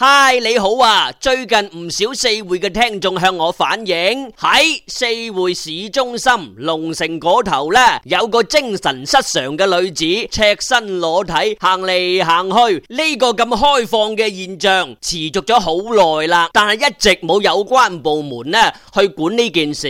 嗨，你好啊！最近唔少四會嘅聽眾向我反映喺四會市中心龍城嗰頭咧，有個精神失常嘅女子赤身裸體行嚟行去，呢個咁開放嘅現象持續咗好耐啦，但係一直冇有關部門呢去管呢件事。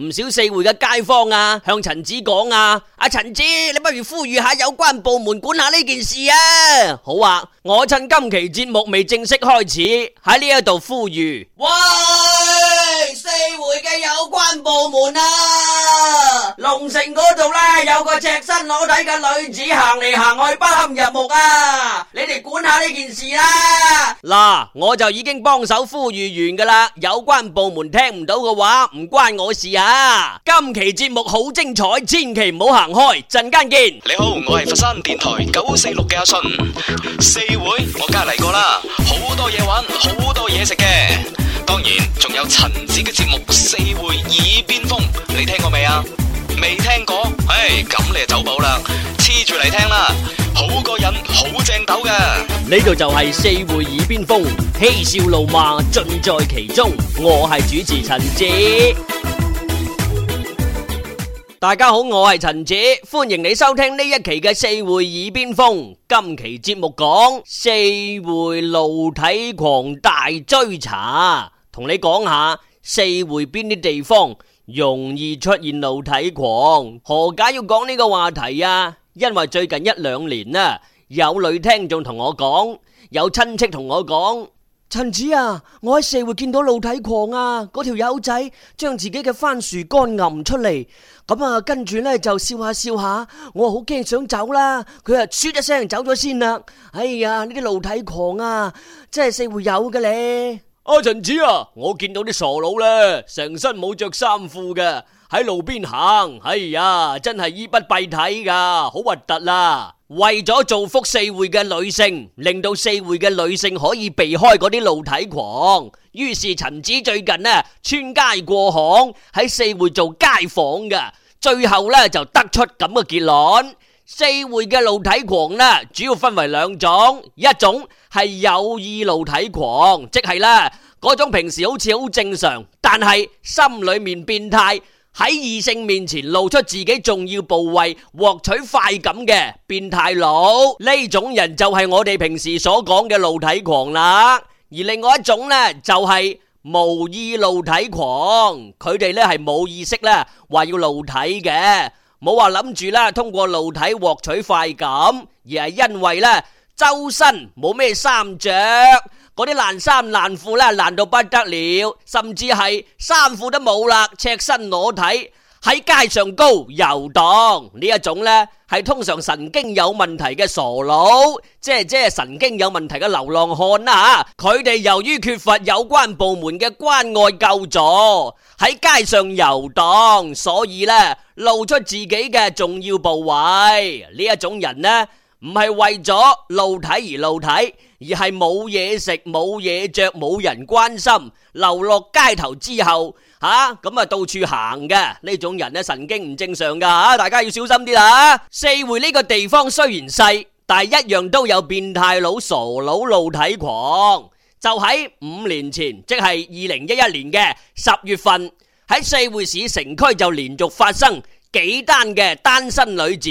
唔少四會嘅街坊啊，向陳子講啊，阿陳子，你不如呼籲下有關部門管下呢件事啊！好啊，我趁今期節目未正式。開始喺呢一度呼籲，喂，四會嘅有關部門啊！龍城嗰度咧有個赤身裸體嘅女子行嚟行去，不堪入目啊！你哋管下呢件事啦，啊。嗱，我就已經幫手呼籲完噶啦。有關部門聽唔到嘅話，唔關我事啊。今期節目好精彩，千祈唔好行開，陣間見。你好，我係佛山電台九四六嘅阿信。四會我梗係嚟過啦，好多嘢玩，好多嘢食嘅，當然仲有陳子嘅節目《四會耳邊風》，你聽過未啊？未聽過，唉，咁你就走寶啦，黐住嚟聽啦，好過癮，好正斗㗎。呢度就係四會耳邊風，嬉笑怒罵盡在其中。我係主持陳子，大家好，我係陳子，歡迎你收聽呢一期嘅四會耳邊風。今期節目講四會露體狂大追查，同你講下四會邊啲地方，容易出現露體狂，何解要講呢個話題啊？因為最近一兩年啊，有女聽眾同我講，有親戚同我講，陳子啊，我喺四會見到露體狂啊，嗰條友仔將自己嘅番薯乾揞出嚟，咁啊跟住呢就笑下笑下，我好驚想走啦，佢啊噓一聲走咗先啦，哎呀呢啲露體狂啊，真係四會有嘅咧。阿陳子啊，我見到啲傻佬咧，成身冇着衫褲嘅，喺路邊行，哎呀，真係衣不蔽體噶，好核突啦！為咗造福四會嘅女性，令到四會嘅女性可以避開嗰啲露體狂，於是陳子最近呢，穿街過巷喺四會做街訪噶，最後咧就得出咁嘅結論。四會嘅露體狂呢，主要分為兩種，一種係有意露體狂，即係呢，嗰種平時好似好正常，但係心裏面變態，喺異性面前露出自己重要部位獲取快感嘅變態佬，呢種人就係我哋平時所講嘅露體狂啦。而另外一種呢，就係無意露體狂，佢哋呢係冇意識呢，話要露體嘅。冇話諗住啦，通過露體獲取快感，而係因為咧周身冇咩衫着，嗰啲爛衫爛褲啦，爛到不得了，甚至係衫褲都冇啦，赤身裸體。喺街上高遊蕩這呢一種咧，係通常神經有問題嘅傻佬，即係即係神經有問題嘅流浪漢啦吓。啊，佢哋由於缺乏有關部門嘅關愛救助，喺街上遊蕩，所以咧露出自己嘅重要部位呢一種人咧。唔係為咗露體而露體，而係冇嘢食、冇嘢着、冇人關心，流落街頭之後，吓咁啊到處行嘅呢種人呢，神經唔正常噶，大家要小心啲啦。四會呢個地方雖然細，但係一樣都有變態佬、傻佬、露體狂。就喺五年前，即係二零一一年嘅十月份，喺四會市城區就連續發生幾單嘅單身女子。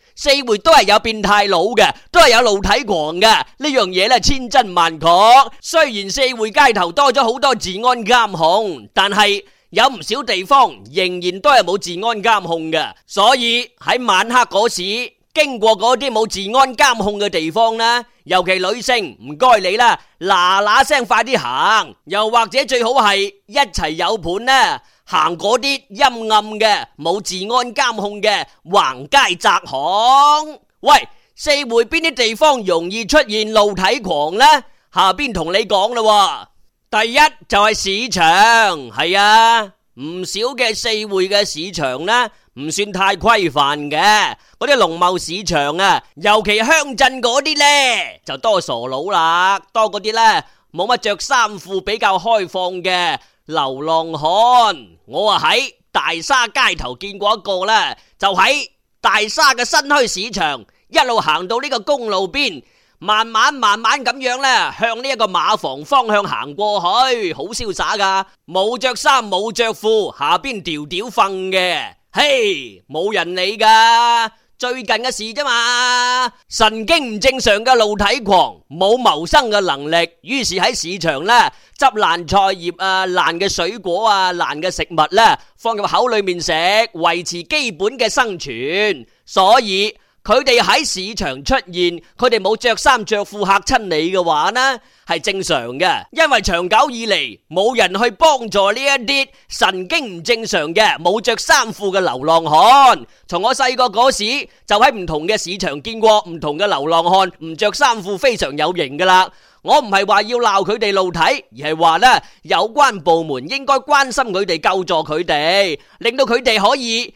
四會都係有變態佬嘅，都係有露體狂嘅，呢樣嘢咧，千真萬確。雖然四會街頭多咗好多治安監控，但係有唔少地方仍然都係冇治安監控嘅。所以喺晚黑嗰時經過嗰啲冇治安監控嘅地方咧，尤其女性，唔該你啦，嗱嗱聲快啲行，又或者最好係一齊有伴啦。行嗰啲陰暗嘅、冇治安監控嘅橫街窄巷。喂，四會邊啲地方容易出現露體狂呢？下邊同你講啦，第一就係市場，係啊，唔少嘅四會嘅市場呢，唔算太規範嘅，嗰啲農貿市場啊，尤其鄉鎮嗰啲呢，就多傻佬啦，多嗰啲呢，冇乜着衫褲，比較開放嘅。流浪漢，我啊喺大沙街頭見過一個啦，就喺大沙嘅新墟市場，一路行到呢個公路邊，慢慢慢慢咁樣啦，向呢一個馬房方向行過去，好瀟灑噶，冇着衫冇着褲，下邊屌屌瞓嘅，嘿，hey，冇人理噶。最近嘅事啫嘛，神經唔正常嘅露體狂，冇謀生嘅能力，於是喺市場呢，執爛菜葉啊、爛嘅水果啊、爛嘅食物呢，放入口裏面食，維持基本嘅生存，所以。佢哋喺市場出現，佢哋冇着衫着褲嚇親你嘅話呢，係正常嘅，因為長久以嚟冇人去幫助呢一啲神經唔正常嘅冇着衫褲嘅流浪漢。從我細個嗰時就喺唔同嘅市場見過唔同嘅流浪漢唔着衫褲，非常有型噶啦。我唔係話要鬧佢哋露體，而係話呢，有關部門應該關心佢哋，救助佢哋，令到佢哋可以。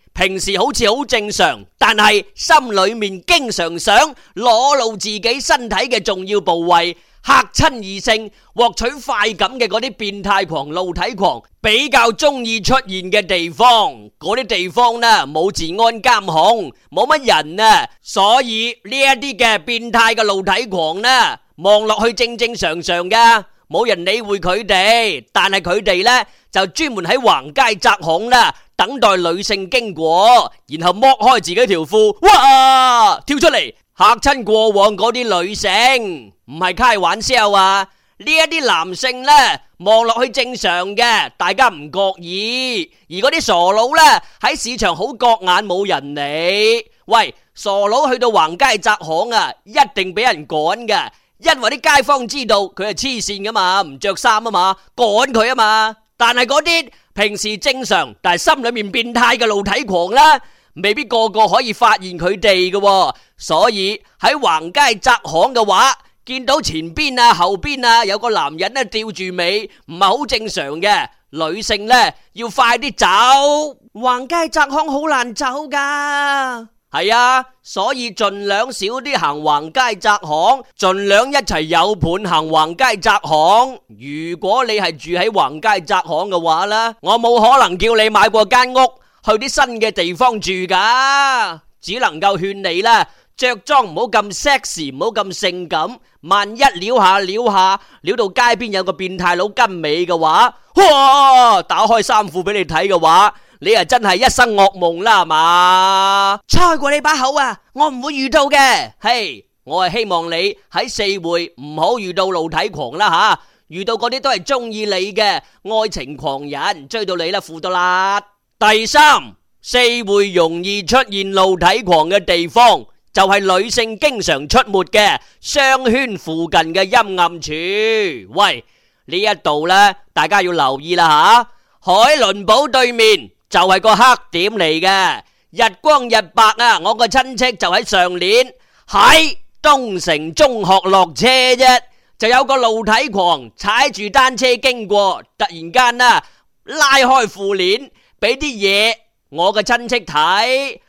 平時好似好正常，但係心裏面經常想裸露自己身體嘅重要部位，吓親異性，獲取快感嘅嗰啲變態狂、露體狂，比較中意出現嘅地方，嗰啲地方呢，冇治安監控，冇乜人啊，所以呢一啲嘅變態嘅露體狂呢，望落去正正常常㗎，冇人理會佢哋，但係佢哋呢就專門喺橫街窄巷啦。等待女性經過，然後剝開自己條褲，哇、啊！跳出嚟吓親過往嗰啲女性，唔係開玩笑啊！呢一啲男性呢，望落去正常嘅，大家唔覺意，而嗰啲傻佬呢，喺市場好角眼冇人理。喂，傻佬去到橫街窄巷啊，一定俾人趕噶，因為啲街坊知道佢係黐線噶嘛，唔着衫啊嘛，趕佢啊嘛。但係嗰啲平時正常但係心裏面變態嘅露體狂啦，未必個個可以發現佢哋嘅，所以喺橫街窄巷嘅話，見到前邊啊後邊啊有個男人咧吊住尾，唔係好正常嘅，女性咧要快啲走，橫街窄巷好難走噶。係啊，所以盡量少啲行橫街窄巷，盡量一齊有伴行橫街窄巷。如果你係住喺橫街窄巷嘅話呢，我冇可能叫你買過間屋去啲新嘅地方住噶，只能夠勸你呢，着裝唔好咁 sexy，唔好咁性感。萬一撩下撩下，撩到街邊有個變態佬跟尾嘅話，哇，打開衫褲俾你睇嘅話。你又真係一生噩夢啦，係嘛？猜過你把口啊，我唔會遇到嘅。嘿、hey，我係希望你喺四會唔好遇到露體狂啦，吓、啊、遇到嗰啲都係中意你嘅愛情狂人追到你啦，負到啦。第三，四會容易出現露體狂嘅地方，就係、是、女性經常出沒嘅商圈附近嘅陰暗處。喂，呢一度呢，大家要留意啦，吓、啊、海倫堡對面。就係個黑點嚟嘅，日光日白啊！我個親戚就喺上年喺東城中學落車啫，就有個露體狂踩住單車經過，突然間啦、啊，拉開褲鏈，俾啲嘢我個親戚睇。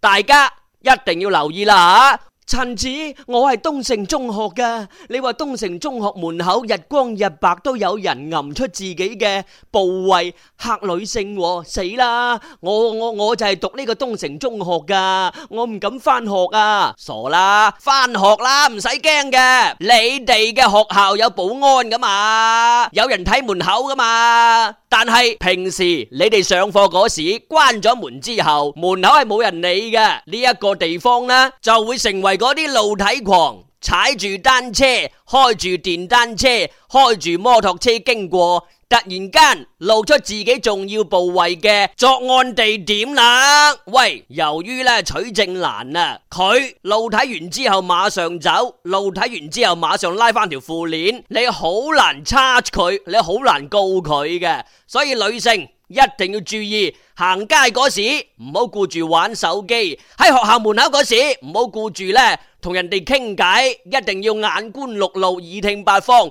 大家一定要留意啦吓！陳、啊、子，我係東城中學嘅。你話東城中學門口日光日白都有人吟出自己嘅部位嚇女性，哦、死啦！我我我就係讀呢個東城中學噶，我唔敢翻學啊！傻啦，翻學啦，唔使驚嘅。你哋嘅學校有保安噶嘛？有人睇門口噶嘛？但係平時你哋上課嗰時關咗門之後，門口係冇人理嘅，呢一個地方呢，就會成為嗰啲露體狂踩住單車、開住電單車、開住摩托車經過。突然間露出自己重要部位嘅作案地點啦！喂，由於咧取證難啊，佢露體完之後馬上走，露體完之後馬上拉翻條褲鏈，你好難 charge 佢，你好難告佢嘅。所以女性一定要注意，行街嗰時唔好顧住玩手機，喺學校門口嗰時唔好顧住咧同人哋傾偈，一定要眼觀六路，耳聽八方。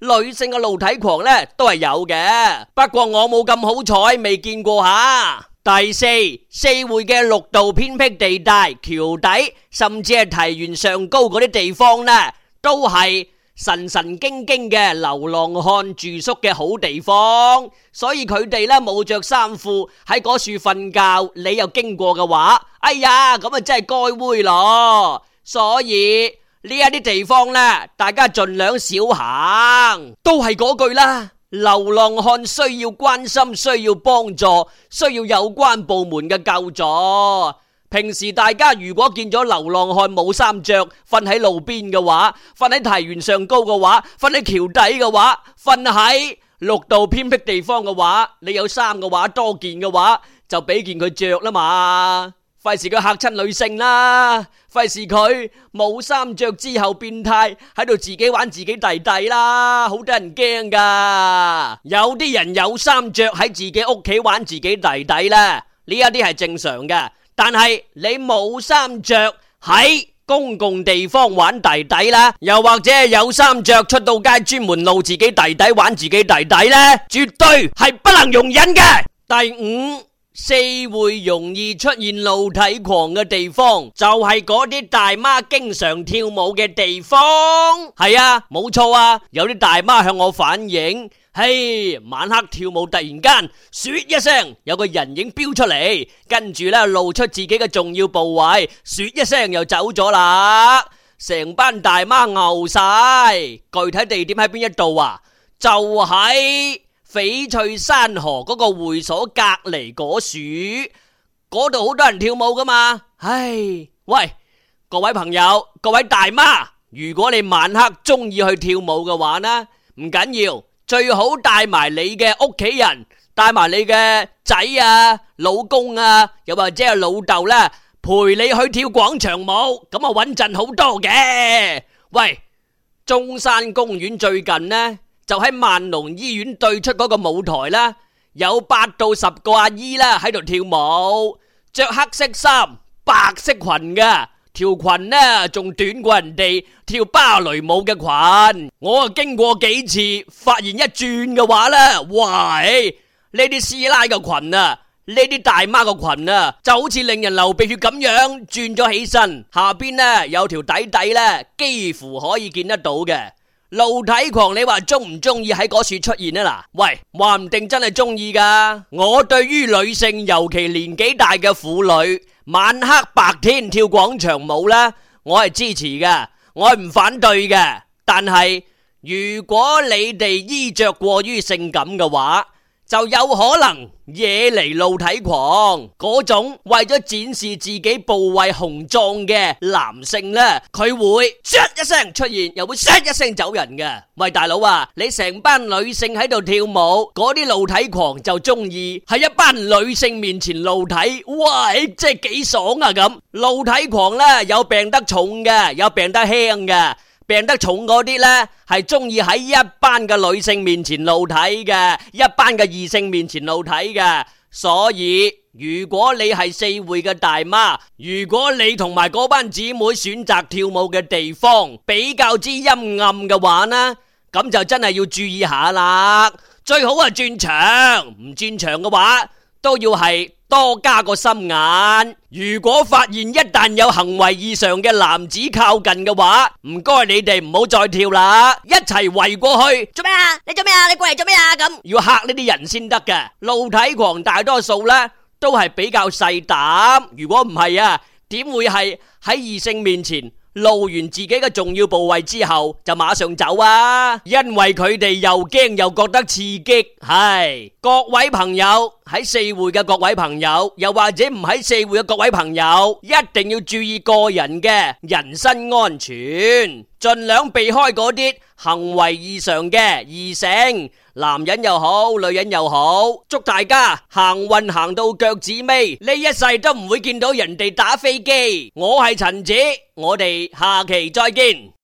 女性嘅露體狂咧都係有嘅，不過我冇咁好彩，未見過吓。第四，四會嘅六道偏僻地帶、橋底，甚至係堤沿上高嗰啲地方咧，都係神神經經嘅流浪漢住宿嘅好地方，所以佢哋咧冇着衫褲喺嗰處瞓覺，你又經過嘅話，哎呀，咁啊真係該煨咯，所以。呢一啲地方咧，大家盡量少行。都係嗰句啦，流浪漢需要關心，需要幫助，需要有關部門嘅救助。平時大家如果見咗流浪漢冇衫着，瞓喺路邊嘅話，瞓喺堤沿上高嘅話，瞓喺橋底嘅話，瞓喺綠道偏僻地方嘅話，你有衫嘅話，多件嘅話，就俾件佢着啦嘛。費事佢嚇親女性啦，費事佢冇衫着之後變態喺度自己玩自己弟弟啦，好得人驚噶。有啲人有衫着喺自己屋企玩自己弟弟啦，呢一啲係正常嘅。但係你冇衫着喺公共地方玩弟弟啦，又或者有衫着出到街專門露自己弟弟玩自己弟弟咧，絕對係不能容忍嘅。第五。四會容易出現露體狂嘅地方，就係嗰啲大媽經常跳舞嘅地方。係啊，冇錯啊，有啲大媽向我反映，嘿，晚黑跳舞突然間雪一聲，有個人影飆出嚟，跟住咧露出自己嘅重要部位，雪一聲又走咗啦，成班大媽牛晒。具體地點喺邊一度啊？就喺、是。翡翠山河嗰個會所隔離嗰處，嗰度好多人跳舞噶嘛。唉，喂，各位朋友，各位大媽，如果你晚黑中意去跳舞嘅話呢，唔緊要，最好帶埋你嘅屋企人，帶埋你嘅仔啊，老公啊，又或者係老豆呢，陪你去跳廣場舞，咁啊穩陣好多嘅。喂，中山公園最近呢？就喺萬隆醫院對出嗰個舞台啦，有八到十個阿姨啦喺度跳舞，着黑色衫、白色裙嘅，條裙呢仲短過人哋跳芭蕾舞嘅裙。我啊經過幾次，發現一轉嘅話呢，「喂，呢啲師奶嘅裙啊，呢啲大媽嘅裙啊」，就好似令人流鼻血咁樣轉咗起身，下邊呢有條底底呢，幾乎可以見得到嘅。露體狂，你話鍾唔鍾意喺嗰處出現啊？嗱，喂，話唔定真係鍾意㗎。我對於女性，尤其年紀大嘅婦女，晚黑白天跳廣場舞呢，我係支持㗎，我係唔反對嘅。但係如果你哋衣着過於性感嘅話，就有可能惹嚟露體狂嗰種，為咗展示自己部位雄壯嘅男性呢，佢會唰一聲出現，又會唰一聲走人嘅。喂，大佬啊，你成班女性喺度跳舞，嗰啲露體狂就中意喺一班女性面前露體，哇，即係幾爽啊！咁露體狂呢，有病得重嘅，有病得輕嘅。病得重嗰啲呢，係鍾意喺一班嘅女性面前露體嘅，一班嘅異性面前露體嘅。所以如果你係四會嘅大媽，如果你同埋嗰班姊妹選擇跳舞嘅地方比較之陰暗嘅話呢，咁就真係要注意下啦。最好係轉場，唔轉場嘅話。都要係多加個心眼，如果發現一旦有行為異常嘅男子靠近嘅話，唔該你哋唔好再跳啦，一齊圍過去，做咩啊？你做咩啊？你過嚟做咩啊？咁要吓呢啲人先得嘅，露體狂大多數呢都係比較細膽，如果唔係啊，點會係喺異性面前？露完自己嘅重要部位之後，就馬上走啊！因為佢哋又驚又覺得刺激。係，各位朋友，喺四會嘅各位朋友，又或者唔喺四會嘅各位朋友，一定要注意個人嘅人身安全。盡量避開嗰啲行為異常嘅異性，男人又好，女人又好。祝大家行運行到腳趾尾，呢一世都唔會見到人哋打飛機。我係陳子，我哋下期再見。